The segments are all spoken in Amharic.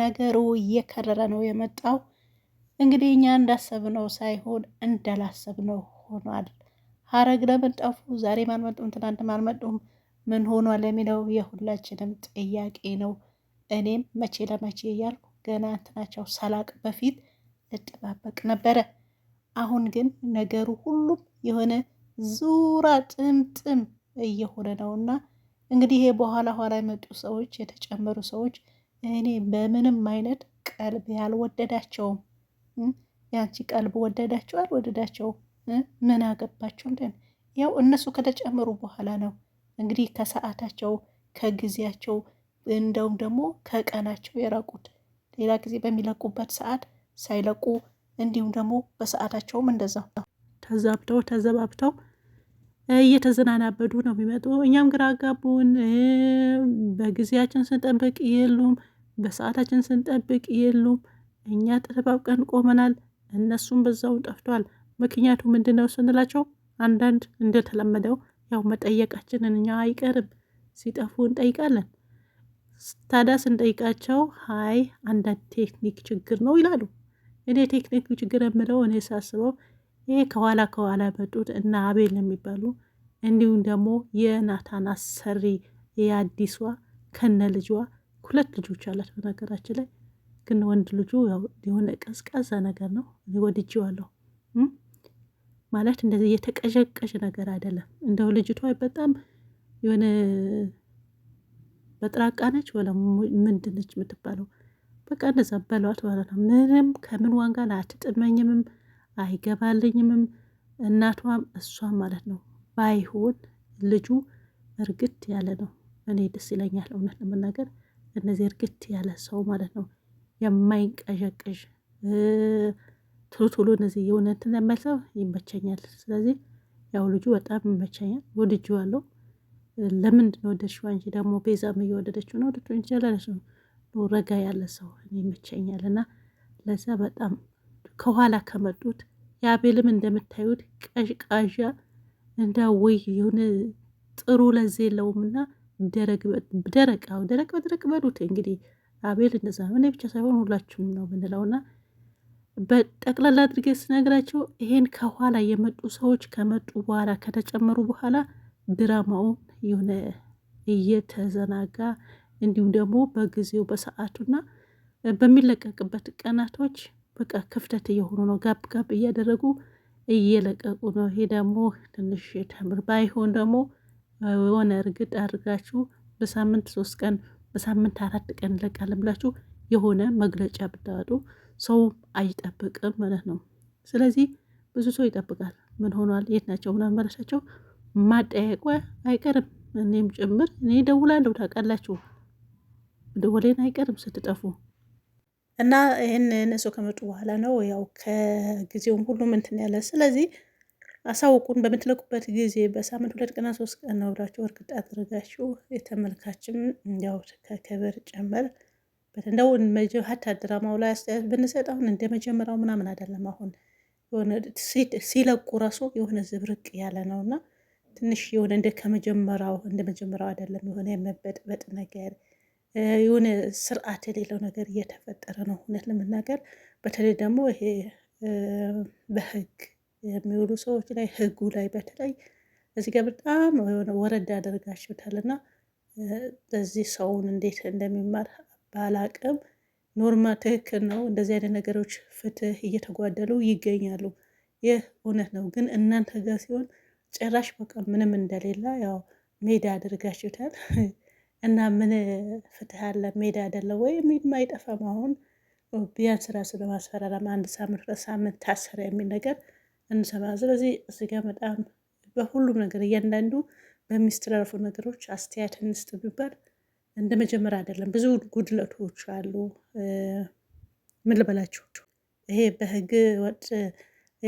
ነገሩ እየከረረ ነው የመጣው። እንግዲህ እኛ እንዳሰብነው ሳይሆን እንዳላሰብነው ሆኗል። ሀረግ ለምን ጠፉ? ዛሬም አልመጡም፣ ትናንትም አልመጡም፣ ምን ሆኗል የሚለው የሁላችንም ጥያቄ ነው። እኔም መቼ ለመቼ እያልኩ ገና እንትናቸው ሰላቅ በፊት ልጠባበቅ ነበረ። አሁን ግን ነገሩ ሁሉም የሆነ ዙራ ጥምጥም እየሆነ ነው እና እንግዲህ ይሄ በኋላ ኋላ የመጡ ሰዎች የተጨመሩ ሰዎች እኔ በምንም አይነት ቀልብ ያልወደዳቸውም የአንቺ ቀልብ ወደዳቸው አልወደዳቸውም ምን አገባቸው እንደ ያው እነሱ ከተጨመሩ በኋላ ነው እንግዲህ ከሰዓታቸው ከጊዜያቸው እንደውም ደግሞ ከቀናቸው የራቁት ሌላ ጊዜ በሚለቁበት ሰዓት ሳይለቁ እንዲሁም ደግሞ በሰዓታቸውም እንደዛው ተዛብተው ተዘባብተው እየተዘናናበዱ ነው የሚመጡ። እኛም ግራ አጋቡን። በጊዜያችን ስንጠብቅ የሉም። በሰዓታችን ስንጠብቅ የሉም። እኛ ተጠባብቀን ቆመናል፣ እነሱም በዛውን ጠፍቷል። ምክንያቱ ምንድነው ስንላቸው አንዳንድ እንደተለመደው ያው መጠየቃችንን እኛ አይቀርም ሲጠፉ እንጠይቃለን። ታዲያ ስንጠይቃቸው ሀይ አንዳንድ ቴክኒክ ችግር ነው ይላሉ። እኔ ቴክኒክ ችግር የምለው እኔ ሳስበው ይሄ ከኋላ ከኋላ መጡት እና አቤል የሚባሉ እንዲሁም ደግሞ የናታን አሰሪ የአዲሷ ከነ ልጇ ሁለት ልጆች አላት በነገራችን ላይ ግን ወንድ ልጁ የሆነ ቀዝቀዘ ነገር ነው ወድጄዋለሁ። ማለት እንደዚህ የተቀዠቀዥ ነገር አይደለም። እንደው ልጅቷ በጣም የሆነ በጥራቃ ነች ወለ ምንድን ነች የምትባለው በቃ እንደዛ በሏት ማለት ነው። ምንም ከምን ዋንጋ አትጥመኝምም አይገባልኝምም እናቷም እሷም ማለት ነው። ባይሆን ልጁ እርግት ያለ ነው። እኔ ደስ ይለኛል እውነት ለመናገር እነዚህ እርግት ያለ ሰው ማለት ነው የማይንቀዠቅዥ ቶሎ እነዚህ የእውነትን ለመሰብ ይመቸኛል። ስለዚህ ያው ልጁ በጣም ይመቸኛል፣ ወድጄዋለሁ። ለምንድን ነው ወደድሽው? አንቺ ደግሞ ቤዛም እየወደደችው ነው። ወደድሽው እንችላለች ነው ረጋ ያለ ሰው ይመቸኛል። እና ለዛ በጣም ከኋላ ከመጡት የአቤልም እንደምታዩት ቀዥቃዣ እንደ እንዳወይ የሆነ ጥሩ ለዚ የለውም እና ደረቅ ደረቅ በደረቅ በሉት እንግዲህ አቤል እንደዛ ነው። እኔ ብቻ ሳይሆን ሁላችሁም ነው ብንለውና በጠቅላላ አድርጌ ስነግራቸው ይሄን ከኋላ የመጡ ሰዎች ከመጡ በኋላ ከተጨመሩ በኋላ ድራማውን የሆነ እየተዘናጋ እንዲሁም ደግሞ በጊዜው በሰዓቱና በሚለቀቅበት ቀናቶች በቃ ክፍተት እየሆኑ ነው። ጋብ ጋብ እያደረጉ እየለቀቁ ነው። ይሄ ደግሞ ትንሽ ተምር ባይሆን ደግሞ የሆነ እርግጥ አድርጋችሁ በሳምንት ሶስት ቀን በሳምንት አራት ቀን ለቃለን ብላችሁ የሆነ መግለጫ ብታወጡ ሰው አይጠብቅም ማለት ነው። ስለዚህ ብዙ ሰው ይጠብቃል። ምን ሆኗል? የት ናቸው? ምናምን መለሳቸው ማጠያቀ አይቀርም። እኔም ጭምር እኔ ደውላለሁ። ታውቃላችሁ፣ ደወሌን አይቀርም ስትጠፉ እና ይህን እነሱ ከመጡ በኋላ ነው ያው ከጊዜውም ሁሉም እንትን ያለ ስለዚህ አሳውቁን። በምትለቁበት ጊዜ በሳምንት ሁለት ቀና ሶስት ቀን ነው ብላችሁ እርግጥ አድርጋችሁ የተመልካችም እንዲያው ከክብር ጨምር እንደው ሀታ ድራማው ላይ አስተያየት ብንሰጥ አሁን እንደ መጀመሪያው ምናምን አይደለም። አሁን ሲለቁ ራሱ የሆነ ዝብርቅ ያለ ነው እና ትንሽ የሆነ እንደ ከመጀመሪያው እንደ መጀመሪያው አይደለም። የሆነ የመበጥበጥ ነገር የሆነ ስርዓት የሌለው ነገር እየተፈጠረ ነው እውነት ለመናገር በተለይ ደግሞ ይሄ በህግ የሚውሉ ሰዎች ላይ ህጉ ላይ በተለይ እዚህ ጋር በጣም የሆነ ያደርጋችሁታል ና በዚህ ሰውን እንዴት እንደሚማር ባላቅም ኖርማል ትክክል ነው። እንደዚህ አይነት ነገሮች ፍትህ እየተጓደሉ ይገኛሉ። ይህ እውነት ነው። ግን እናንተ ጋር ሲሆን ጭራሽ በቃ ምንም እንደሌላ ያው ሜዳ አድርጋችሁታል እና ምን ፍትህ አለ? ሜዳ አይደለ ወይ የማይጠፋም አሁን ቢያንስ ራሱ ለማስፈራራም አንድ ሳምንት ሁለት ሳምንት ታሰረ የሚል ነገር እንሰማለን። ስለዚህ እዚህ ጋር በጣም በሁሉም ነገር እያንዳንዱ በሚስተላለፉ ነገሮች አስተያየት እንስጥ ቢባል እንደ መጀመሪያ አይደለም። ብዙ ጉድለቶች አሉ። ምን ልበላችሁ፣ ይሄ በህግ ወጥ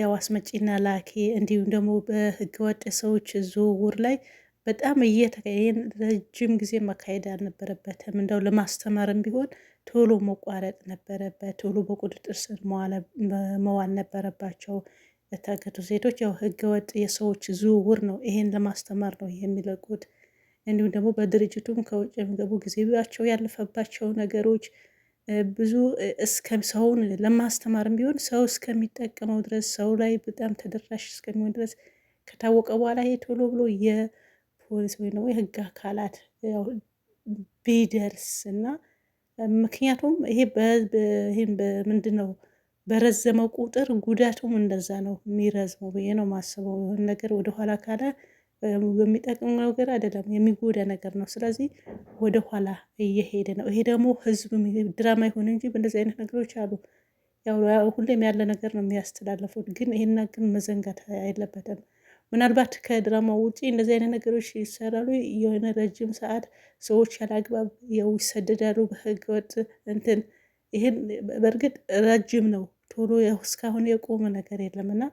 ያው አስመጪና ላኪ እንዲሁም ደግሞ በህገ ወጥ ሰዎች ዝውውር ላይ በጣም እየተካሄን ረጅም ጊዜ መካሄድ አልነበረበትም። እንደው ለማስተማርም ቢሆን ቶሎ መቋረጥ ነበረበት። ቶሎ በቁጥጥር ስር መዋል ነበረባቸው። የታገቱ ሴቶች ያው ህገወጥ የሰዎች ዝውውር ነው። ይሄን ለማስተማር ነው የሚለቁት። እንዲሁም ደግሞ በድርጅቱም ከውጭ የሚገቡ ጊዜያቸው ያለፈባቸው ነገሮች ብዙ እስከ ሰውን ለማስተማርም ቢሆን ሰው እስከሚጠቀመው ድረስ ሰው ላይ በጣም ተደራሽ እስከሚሆን ድረስ ከታወቀ በኋላ ቶሎ ብሎ የፖሊስ ወይም ደግሞ የህግ አካላት ቢደርስ እና ምክንያቱም ይሄ ምንድን ነው በረዘመ ቁጥር ጉዳቱም እንደዛ ነው የሚረዝመው ብዬ ነው ማስበው። የሆነ ነገር ወደኋላ ካለ የሚጠቅም ነገር አይደለም፣ የሚጎዳ ነገር ነው። ስለዚህ ወደኋላ እየሄደ ነው። ይሄ ደግሞ ህዝብ ድራማ ይሁን እንጂ በእንደዚህ አይነት ነገሮች አሉ። ሁሌም ያለ ነገር ነው የሚያስተላለፉት፣ ግን ይሄና ግን መዘንጋት አይለበትም። ምናልባት ከድራማው ውጪ እንደዚህ አይነት ነገሮች ይሰራሉ። የሆነ ረጅም ሰዓት ሰዎች ያለ አግባብ ይሰደዳሉ በህገወጥ እንትን። ይህን በእርግጥ ረጅም ነው ቶሎ እስካሁን የቆመ ነገር የለም እና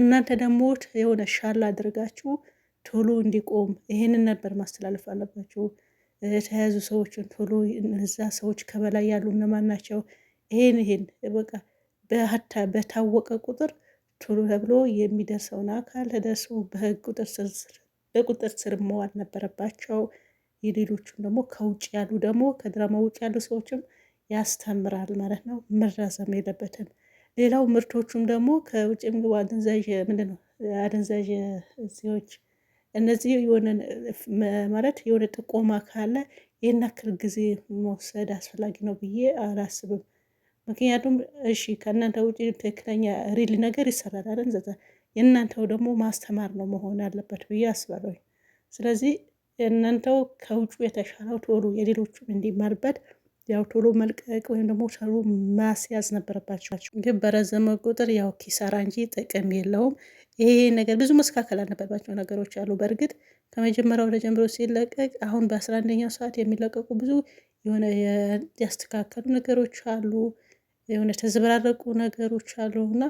እናንተ ደግሞ የሆነ ሻል አድርጋችሁ ቶሎ እንዲቆም ይሄንን ነበር ማስተላለፍ አለባችሁ። የተያዙ ሰዎችን ቶሎ እነዛ ሰዎች ከበላይ ያሉ እነማን ናቸው? ይሄን ይሄን በቃ በሀታ በታወቀ ቁጥር ቶሎ ተብሎ የሚደርሰውን አካል ተደርሶ በቁጥር ስር መዋል ነበረባቸው። የሌሎቹም ደግሞ ከውጭ ያሉ ደግሞ ከድራማ ውጭ ያሉ ሰዎችም ያስተምራል ማለት ነው። መራዘም የለበትም። ሌላው ምርቶቹም ደግሞ ከውጭ ምግብ አደንዛዥ ምንድን ነው አደንዛዥ እጽዎች እነዚህ የሆነ ማለት የሆነ ጥቆማ ካለ ይህን ያክል ጊዜ መውሰድ አስፈላጊ ነው ብዬ አላስብም። ምክንያቱም እሺ ከእናንተ ውጭ ትክክለኛ ሪል ነገር ይሰራል አይደል? ዘዛ የእናንተው ደግሞ ማስተማር ነው መሆን አለበት ብዬ አስባለሁ። ስለዚህ እናንተው ከውጩ የተሻለው ቶሎ የሌሎቹም እንዲማርበት ያው ቶሎ መልቀቅ ወይም ደግሞ ሰሩ ማስያዝ ነበረባቸው። ግን በረዘመ ቁጥር ያው ኪሳራ እንጂ ጥቅም የለውም። ይሄ ነገር ብዙ መስተካከል አልነበረባቸው ነገሮች አሉ። በእርግጥ ከመጀመሪያው ወደ ጀምሮ ሲለቀቅ አሁን በአስራ አንደኛው ሰዓት የሚለቀቁ ብዙ የሆነ ያስተካከሉ ነገሮች አሉ፣ የሆነ ተዘበራረቁ ነገሮች አሉ እና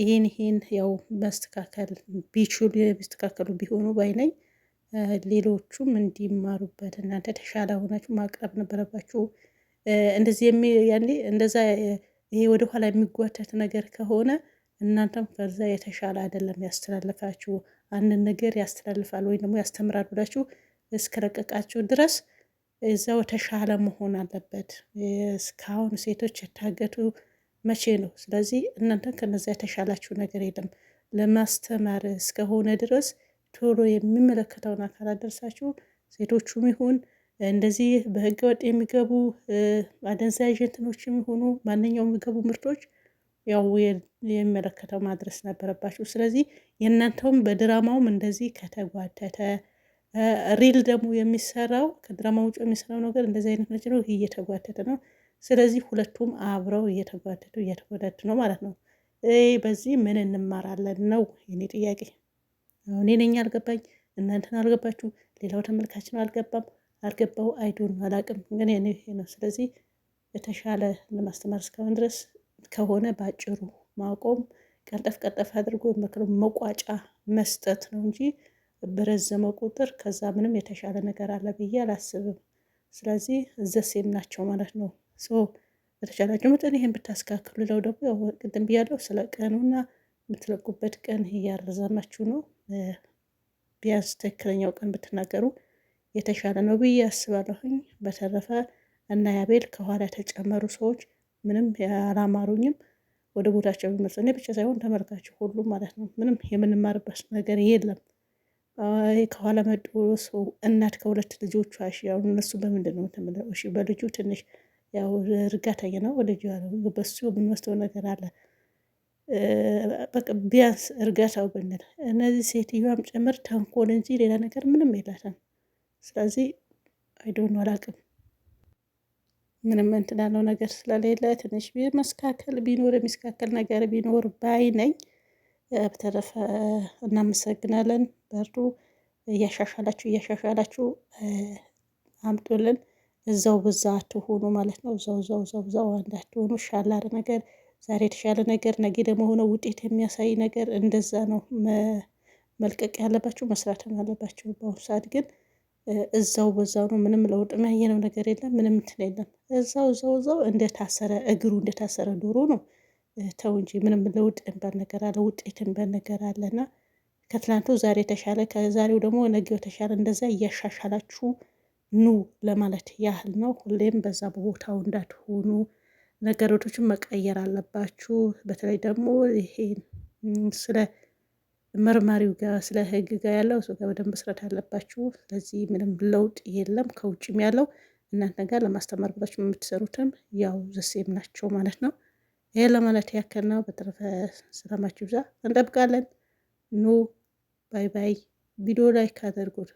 ይህን ይህን ያው መስተካከል ቢችሉ የሚስተካከሉ ቢሆኑ ባይነኝ ሌሎቹም እንዲማሩበት እናንተ ተሻለ ሆናችሁ ማቅረብ ነበረባችሁ። እንደዚህ ያኔ እንደዛ ይሄ ወደኋላ የሚጓተት ነገር ከሆነ እናንተም ከዛ የተሻለ አይደለም ያስተላልፋችሁ አንድን ነገር ያስተላልፋል ወይም ደግሞ ያስተምራል ብላችሁ እስከለቀቃችሁ ድረስ እዛው የተሻለ መሆን አለበት። እስካሁን ሴቶች የታገቱ መቼ ነው? ስለዚህ እናንተ ከነዛ የተሻላችሁ ነገር የለም። ለማስተማር እስከሆነ ድረስ ቶሎ የሚመለከተውን አካል አደርሳችሁ ሴቶቹም ይሁን እንደዚህ በህገ ወጥ የሚገቡ አደንዛዥ እንትኖችም የሚሆኑ ማንኛውም የሚገቡ ምርቶች ያው የሚመለከተው ማድረስ ነበረባቸው። ስለዚህ የእናንተውም በድራማውም እንደዚህ ከተጓተተ ሪል ደግሞ የሚሰራው ከድራማ ውጭ የሚሰራው ነገር እንደዚህ አይነት ነች ነው፣ እየተጓተተ ነው። ስለዚህ ሁለቱም አብረው እየተጓተቱ እየተጓተቱ ነው ማለት ነው። በዚህ ምን እንማራለን ነው የኔ ጥያቄ። እኔ ነኝ አልገባኝ፣ እናንተን አልገባችሁ፣ ሌላው ተመልካችን አልገባም። አልገባው አይዶን አላቅም፣ ግን የኔ ነው። ስለዚህ የተሻለ ለማስተማር እስካሁን ድረስ ከሆነ በአጭሩ ማቆም ቀልጠፍ ቀልጠፍ አድርጎ መክረው መቋጫ መስጠት ነው እንጂ በረዘመው ቁጥር ከዛ ምንም የተሻለ ነገር አለ ብዬ አላስብም። ስለዚህ ዘሴም ናቸው ማለት ነው። በተቻላቸው መጠን ይህን ብታስካክሉ። ለው ደግሞ ቅድም ብያለው ስለ ቀኑና የምትለቁበት ቀን እያረዘማችሁ ነው። ቢያንስ ትክክለኛው ቀን ብትናገሩ የተሻለ ነው ብዬ አስባለሁኝ። በተረፈ እና ያቤል ከኋላ የተጨመሩ ሰዎች ምንም አላማሩኝም። ወደ ቦታቸው ቢመልስ እኔ ብቻ ሳይሆን ተመልካችሁ ሁሉ ማለት ነው። ምንም የምንማርበት ነገር የለም። ከኋላ መጡ ሰው እናት ከሁለት ልጆቹ ልጆቿ ያው እነሱ በምንድን ነው በልጁ ትንሽ ያው እርጋተኛ ነው። ልጁ በሱ የምንወስደው ነገር አለ። በቃ ቢያንስ እርጋታው ብንል እነዚህ ሴትዮዋም ጭምር ተንኮል እንጂ ሌላ ነገር ምንም የላትም። ስለዚህ አይዶን አላቅም ምንም እንትናለው ነገር ስለሌለ ትንሽ መስካከል ቢኖር የሚስካከል ነገር ቢኖር ባይ ነኝ። በተረፈ እናመሰግናለን። በርዱ እያሻሻላችሁ እያሻሻላችሁ አምጡልን። እዛው ብዛ አትሆኑ ማለት ነው። እዛው እዛው እዛው እዛው አንድ አትሆኑ። ሻላር ነገር ዛሬ የተሻለ ነገር ነገ ደግሞ ሆነ ውጤት የሚያሳይ ነገር እንደዛ ነው መልቀቅ ያለባችሁ መስራትም ያለባቸው በአሁኑ ሰዓት ግን እዛው በዛው ነው። ምንም ለውጥ ያየነው ነገር የለም። ምንም እንትን የለም። እዛው እዛው እዛው እንደታሰረ እግሩ እንደታሰረ ዶሮ ነው። ተው እንጂ ምንም ለውጥ የሚባል ነገር አለ፣ ውጤት የሚባል ነገር አለ። እና ከትናንቱ ዛሬ የተሻለ ከዛሬው ደግሞ ነገው የተሻለ እንደዛ እያሻሻላችሁ ኑ ለማለት ያህል ነው። ሁሌም በዛ በቦታው እንዳትሆኑ ነገሮቶችን መቀየር አለባችሁ። በተለይ ደግሞ ይሄ ስለ መርማሪው ጋር ስለ ህግ ጋር ያለው እሱ ጋር በደንብ መስራት አለባችሁ። ስለዚህ ምንም ለውጥ የለም ከውጭም ያለው እናንተ ጋር ለማስተማር ብላችሁ የምትሰሩትም ያው ዘሴም ናቸው ማለት ነው። ይሄ ለማለት ያክል ነው። በተረፈ ሰላማችሁ ብዛ እንጠብቃለን። ኑ ባይ ባይ። ቪዲዮ ላይክ አድርጉት።